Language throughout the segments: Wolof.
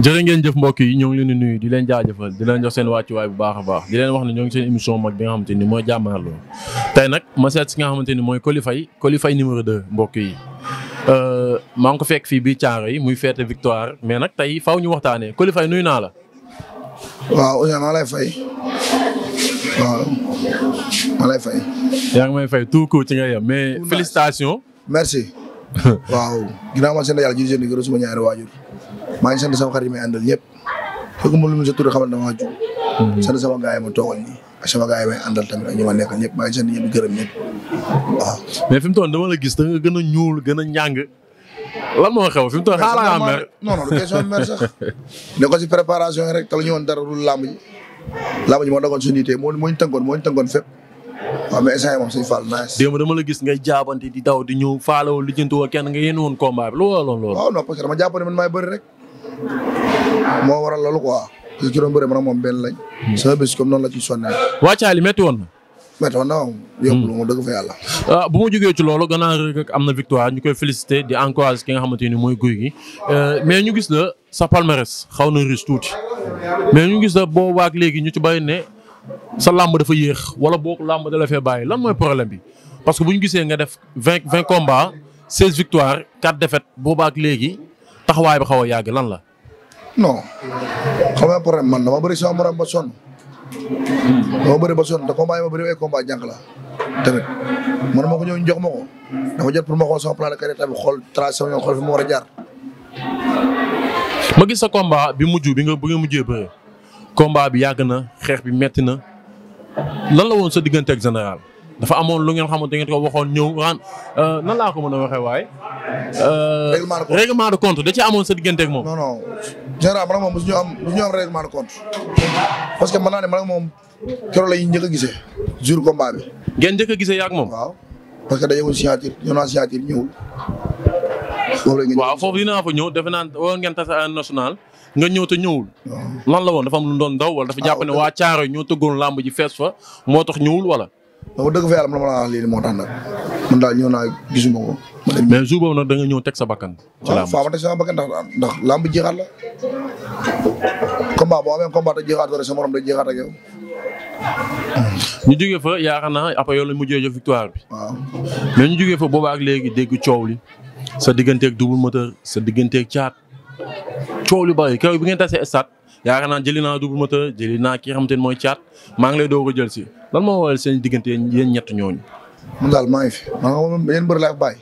jërë ngeen jëf mbokk yi ñoo ngi leen di nuyu di leen jaajëfal di leen jox seen wàccuwaay bu baax a baax di leen wax ne ñoo ngi seen émission mag bi nga xamante ni mooy jàmmaarloo tey nag ma seet si nga xamante ni mooy Coly kolifay Coly Faye numéro 2 mbokk yi euh, maa ngi ko fekk fii bii caaro yi muy fête victoire mais nag tey faw ñu waxtaanee Coly nuyu naa la waaw Ousmane maa lay fay waaw maa lay fay yaa ngi may fay tout court ci nga yem mais félicitations merci waaw ginnaaw ma seen yàlla jërëjëf ñaari waajur maa ngi sant sama xarit yi may àndal ñëpp fekk mu lu sa tur mhm. ma toogal ñi ak nekkal ñëpp maa ngi sant ñëpp gërëm ñëpp waaw mais fi mu toll dama la gis da nga gën a ñuul gën a ñàng moo xew fi mu toll xaaral nga préparation rek te la ñu woon dara dul làmb ji làmb ji moo suñu itee moo moo ñu tënkoon moo ñu tënkoon fépp waaw mais instant yii moom suñu faal naaj. démb dama la gis ngay jaabante di daw di ñëw faalawoo lijjanti woo kenn nga yéen woon combat bi lu waloon loolu. waaw non parce que dama jàpp ne man maay bëri rek. moo waral loolu quoi. ci ba bëri man moom benn lañ. Hmm. sama bis comme noonu la ci sonnee. waa Thiali métti woon na. métti woon na waaw. yombul hmm. moom dëgg fa yàlla. Ah, bu ma jógee ci loolu gannaaw rek am na victoire ñu koy félicité di encouragé ki nga xamante ni mooy guy gi euh, mais ñu gis la sa palmarès xaw na riche tuuti mais ñu gis la boobaak léegi ñu ci bàyyi ne sa làmb dafa yéex wala boo làmb da la fee bàyyi lan mooy problème bi parce que bu ñu gisee nga def vingt vingt combats seize victoires quatre défaites boobaak léegi. taxawaay ba xaw a yàgg lan la. non xam nga problème man dama bëri sama morom ba sonn dama bëri ba sonn te combat yi ma bëri ay combat la te rek man ma ko ñëw jox ma ko dama jot pour ma xool sama plan de carrière tamit xool tracé sama xool fi mu war a jaar. ma gis sa combat bi mujj bi nga bi nga mujjee bëre combat bi yàgg na xeex bi metti na lan la woon sa diggante ak général. dafa amoon lu ngeen xamante ngeen ko waxoon ñëw ren euh, nan laa ko mën a waxee waaye. Euh, règlement de compte da ci amoon sa diggante moom. non non moom mosu ñu am mosu ñu am règlement de compte parce que mën naa ne man ak moom keroog la ñuy njëkk a gisee jour combat bi. ngeen njëkk a gisee yaa ak moom. waaw parce que day woon signature ñëw naa signature ñëwul. waaw foofu naa fa ñëw defe naa waroon ngeen tase à national nga ñëw te ñëwul. lan la woon dafa am lu doon ndaw wala dafa jàpp ne ah, waa Thiaroye ñoo tëggoon làmb ji fees fa moo tax ñëwul wala. donc dëgg fa ma la wax lii moo tax man daal ñëw naa gisuma ko. mais jour boobu nag da ñëw teg sa bakkan. ci làmb faa ma teg sama bakkan ndax ndax làmb jeexaat la. combat boo amee combat te jeexaat sa morom day jeexaat ak jógee fa yaakaar naa après yow la mujjee jox victoire bi. waaw mais ñu fa boobaa léegi dégg coow li sa digganteeg double moteur sa digganteeg caat coow lu bari kaw bi ngeen tasee stade yaakaar naa jëli naa double moteur jëli naa ki nga xamante ne mooy caat maa ngi lay doog a jël si. lan moo waral seen diggante yéen ñett ñooñu. man daal maa ngi fi maa ngi xam yéen bëri laa fi bàyyi.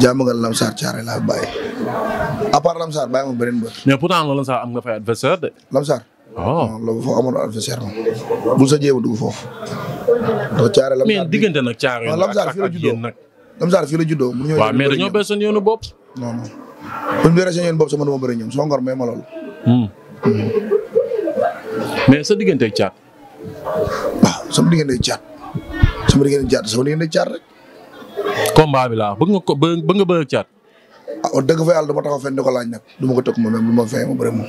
jàmmagal Lamsaar Thiaré laa fi bàyyi. à part Lamsaar bàyyi ma beneen bër. mais pourtant loolu Lamsaar am nga fay adversaire de. Lamsaar. waaw oh. loolu foofu amoon adversaire bu sa jéem dugg foofu. donc Thiaré Lamsaar diggante nag Thiaré nag Lamsaar fii la juddoo Lamsaar fii la juddoo. bu ñu ñëwee waaw mais dañoo bees seen yoonu bopp. non non bu ñu bees seen yoonu ñoom sama ngor may ma loolu. Hmm. Hmm. mais sa diggante ak waaw sama diggante caat sama diggante caat sama diggante caat rek. combat bi laa bëgg nga ko bëgg nga caat. ah wax dëgg fa yàlla dama taxaw fenn di ko laaj nag du ma ko tëkk ma même du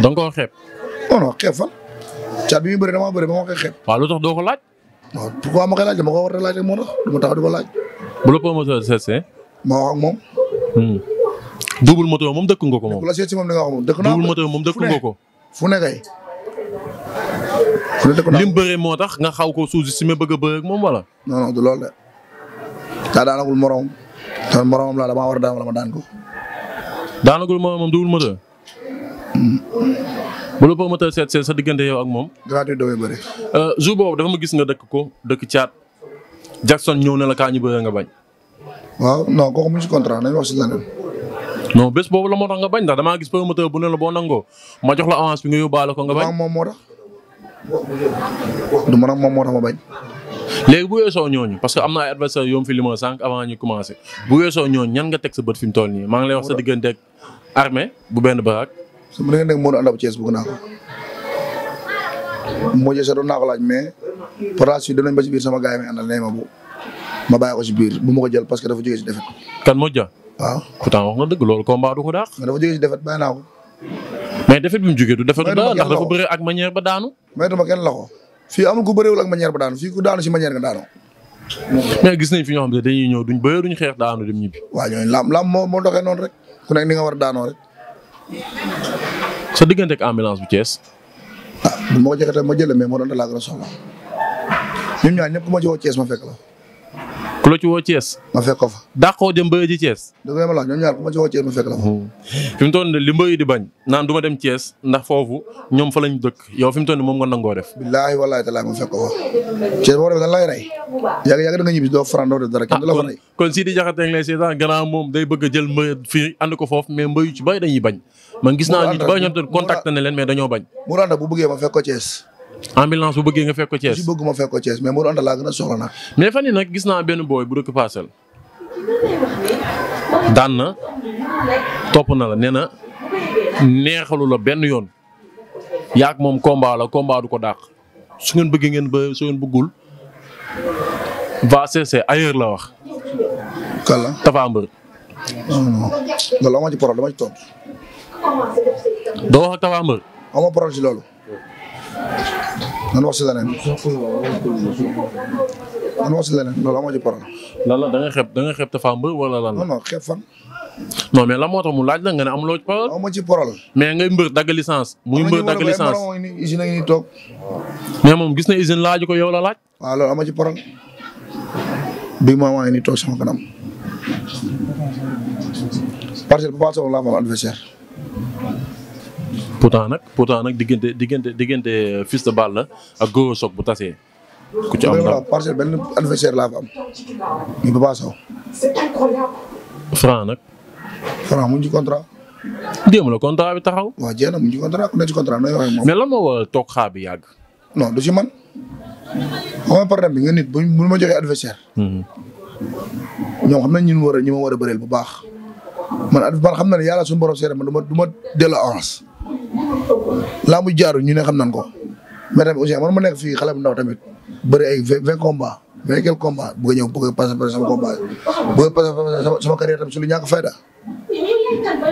da nga koo xeeb. non non xeeb fan. caat bi muy bëri damaa ba ma koy xeeb. tax doo ko a laaj rek moo tax du ma taxaw di ko laaj. bu ma wax moom. Hmm. double moteur moom dëkk nga moom. bu la seet si moom li nga dëkk naa ko kay. lim bëree moo tax nga xaw ko sous-estimé bëgg a bëre ak moom wala. non non du loolu de laa damaa war a daan wala ma daan ko. daanagul moromam duwul moteur. Mm. bu la promoteur seet seet sa diggante yow ak moom. gratuit dafay euh, boobu dafa ma gis nga dëkk ko dëkk caat Jackson ñëw na la kaa ñu bëre nga bañ. waaw non mu ci contrat nañ wax si leneen. non bés boobu la moo tax nga bañ ndax damaa gis promoteur bu ne la boo nangoo ma jox la avance bi nga yóbbaale ko nga bañ. du man ak moom moo ma bañ. léegi bu weesoo ñooñu parce que am na ay adversaires yoom fi lima sànq avant ñu commencé bu weesoo ñooñu ñan nga teg sa bët fi mu toll nii maa ngi lay wax sa digganteeg bu benn baraak. su ma digganteeg Modou Anda bu Thiès bëgg naa ko. Modou Thiès doon naa mais par la suite danañ ba ci biir sama gars yi ma bu ma bàyyi biir bu ma ko jël parce que dafa jógee ci défaite. kan moo ja. waaw pourtant wax nga dëgg loolu combat ko daax. dafa jógee ci défaite bàyyi naa ko. mais défaite bi mu du défaite du ndax dafa ak manière ba daanu maytuma kenn loxo fii amul ku bëriwul ak manière ba daanu fii ku daanu si manière nga daano mais gis nañ fi xam ne dañuy ñëw duñ bëre duñ xeex daanu dem ñibbi. waaw ñooñu lam lam moo moo doxee noonu rek ku nekk ni nga war a daanoo rek. sa diggante ak ambulance bu Thiès. ah bu ma ko joxee tamit ma moo doon da laa gën a soxla ñun ñaar ñëpp ku ma ci woo Thiès ma fekk la. ku la ci woo Thiès. ma fekk ko fa dàqoo jëm mbéy ji Thiès. da ngay ma laaj hmm. li mbéy di bañ naan du ma dem Thiès ndax foofu ñoom fa lañ dëkk yow fi mu toll nii moom nga nangoo def. billaahi wallaahi talaay ma fekk ko fa. Thiès boo demee ah, kon Sidi Diakhaté ngi lay seetaan gannaaw moom day bëgg jël mbéy fii ànd ko foofu mais mbéy yu ci bay dañuy bañ. man gis naa ñu ci bay ñoom na leen mais dañoo bañ. mu rànd bu bëggee ma fekk ko Thiès ambulance bu bëggee nga fekk ko Thiès. bëgg ma fekk ko Thiès mais Modou laa gën a soxla nag. mais fa yii nag gis naa benn booy bu dëkk Parcelles. daan na topp na la nee na neexalu la benn yoon yaak moom combat la du ko dàq su ngeen bëggee ngeen ba su ngeen bëggul va cesser ailleurs la wax. kàlla Tapha Mbeur. doo wax ak Tapha Mbeur. nan wax si leneen. nan wax si leneen loolu amoo ci problème. lan la da nga xeeb da nga xeeb Tapha Mbeur la. non fan. non mais la moo tax mu laaj la nga ne am loo ci problème. amoo mais ngay mbër dagg licence. muy mbër dagg licence am na ñu toog. mais moom gis na usine laaju ko yow la laaj. waaw loolu amoo ci problème. bi ma maa ngi nii toog sama kanam. parce que Papa Sow laa ma adversaire. poutant nag pourtant nag diggante diggante diggante Fils de la ak Goro Sock bu tasee. ku ci am ndam parce que benn adversaire laa fa am. ñu Papa Sow. Franc nag. Franc mu ngi ci contrat. démb la contrat bi taxaw. waaw jeex na mu ngi ci contrat ku ne ci toog xaar yàgg. non du ci man. xam problème bi nga nit bu ma joxee adversaire. Hmm. ñoom xam nañ ñun war a ma war a bëreel bu baax. man xam na ne yàlla suñu borom seere ma du ma delloo laa mu jaaru ñu ne xam nan ko mais tamit aussi man ma nekk fii xale bu ndaw tamit bëri ay vingt combat vingt quel combat bëgg ñëw bëgg passé passé sama combat bëgg passé sama carrière tamit su lu ñàkk fayda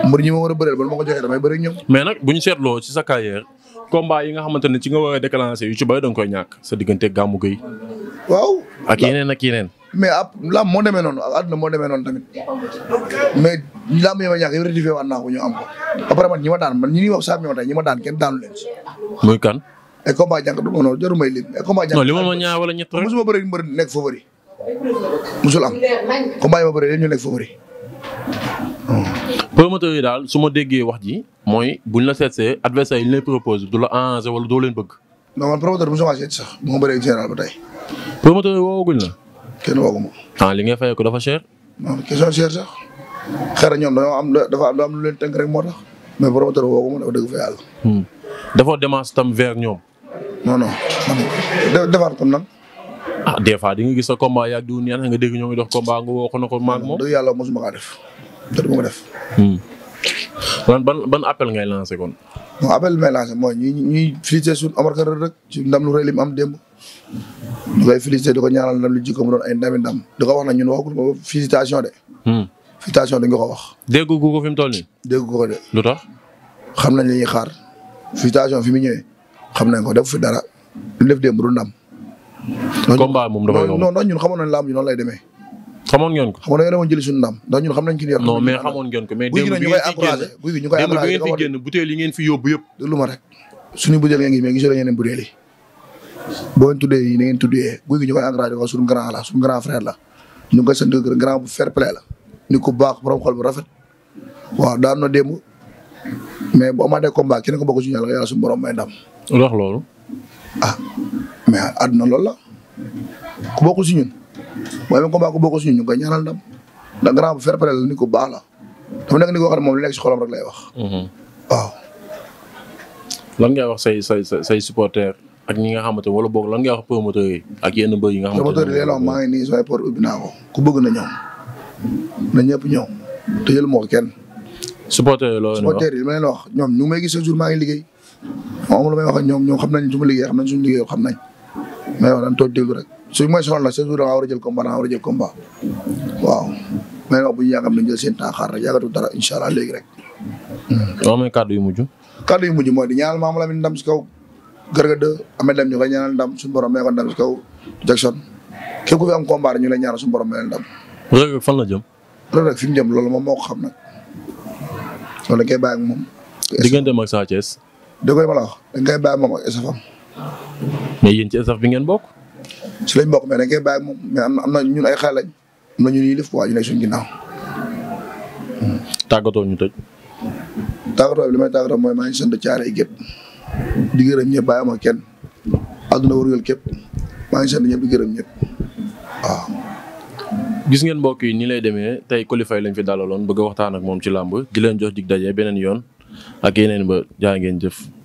mbër ñi ma war a bëreel ba moo ko joxee damay bëri ñoom mais nag bu ñu seetloo ci sa carrière combat yi nga xamante ne ci nga war a déclenché yu ci bëri da nga koy ñàkk sa diggante Gamou Gueye waaw ak yeneen ak yeneen mais ab làmb moo demee noonu àdduna moo demee noonu tamit mais làmb yi ma ñàkk yow rectifié waat naa ko ñu am ko après man ñi ma daan man ñi ñuy wax sax mi ma tey ñi daan kenn daanu leen si. muy kan. ay combat jànk du ma noonu jarul may li ma ma ñaar wala ñett rek. mosuma bëri mbër nekk favori mosul am combat yi ma bëri yëpp ñu nekk favori. Hmm. promoteur yi daal su ma déggee wax ji mooy buñ la seetsee adversaire yi ñu lay propose du la arrangé wala doo leen bëgg. non man promoteur bi seet sax mu ngi bëri général ba tey. promoteur yi woowaguñ la. kenn woogu ma. ah li nga fay ko dafa cher. non question cher sax xëy na ñoom dafa am lu leen tënk rek moo tax mais promoteur woogu ma dafa dëgg fa yàlla. Hmm. dafa démarche tam vers ñoom. non non man defar tam nan. ah gis sa combat yaag di neex nga dégg ñoo ngi dox combat nga woo ko na ko maag moom. dëgg yàlla mosuma kaa def te du ma ko def. Hmm. ban ban ban appel ngay lancé kon. non appel bi may lancé mooy ñuy ñuy félicité suñu Omar rek ci ndam lu am démb. di koy félicité di ko ñaanal na lu jikko mu doon ay ndami ndam di ko wax na ñun waxagul ko félicitation de. Hmm. félicitation dañ ko ko wax. dégg gu ko fi mu toll nii. dégg ko de. lu tax. xam nañ li xaar félicitation fi mu ñëwee xam nañ ko def fi dara lu def moom dafay yomb non ñun xamoon nañ lamb ndax ñun xam nañ ki ñu yor mais xamoon ngeen ko mais démb bi ngeen fi génn démb bi ngeen fi génn butéel yi ngeen fi yóbbu yëpp déglu ma rek suñu butéel ngeen gis mais gisoo ngeen butéel yi boo leen tuddee yi na ngeen tuddee guy gi ñu koy encouragé ko suñu grand la suñu grand frère la ñu ngi sa sant grand bu fair play la ni ko baax borom xol bu rafet waaw daan na démb mais bu amaatee combat kenn ko bokk ci ñaar yàlla suñu borom may ndam. loolu. ah mais àdduna loolu la ku bokk ci ñun mooy même combat ku bokk ci ñun ñu ngi koy ñaanal ndam ndax grand bu fer play la ni ko baax la dafa nekk ni ko xam moom li nekk ci xolam rek lay wax. Mhm. waaw. lan wax say say say supporters. ak ñi nga xamante wala boog lan ngay wax promoteur yi ak yenn mbër yi nga xamante promoteur yi nii sooy port ko ku bëgg na ñëw na ñëpp ñëw te jël moo kenn supporter yi loolu supporter yi ma leen wax ñoom ñu ngi may gis chaque maa ngi liggéey moom may wax ak ñoom xam nañ su ma liggéey nañ suñu liggéey xam nañ mais wax dañ toog rek suñ mooy soxla la chaque jour da nga war a jël combat da nga war a jël combat waaw mais wax bu ñu yàggam nañ jël seen temps xaar rek dara incha allah léegi rek. loo may kàddu yu mujj. kàddu yu mujj mooy di ñaanal Mama Lamine ndam si kaw Garga 2 Ameth Deme ñu koy ñaanal ndam suñu borom may ko ndam si kaw Jackson képp ñu lay ñaanal suñu borom may leen fan la jëm. Reug Reug fi mu jëm loolu moom moo xam nag loolu dañ koy bàyyi ak moom. diggante mag Sa Thiès. dëgg la koy bàyyi ak moom ak SAFM. mais yéen ci bi ngeen bokk. si lañ bokk mais dañ koy bàyyi ak moom mais am na am na ñun ay xale lañ am na ñun ñuy def waa ñu nekk suñu ginnaaw. tàggatoo ñu tëj. tàggatoo bi li may tàggatoo mooy maa ngi sant caare yi gépp di gërëm ñëpp bàyyi ma kenn àdduna wërgal képp maa ngi sant ñëpp di gërëm ñëpp waaw. gis ngeen mbokk yi ni lay demee tey Coly lañ fi dalaloon bëgg a waxtaan ak moom ci làmb di leen jox dig daje beneen yoon ak yeneen ba jaa ngeen jëf.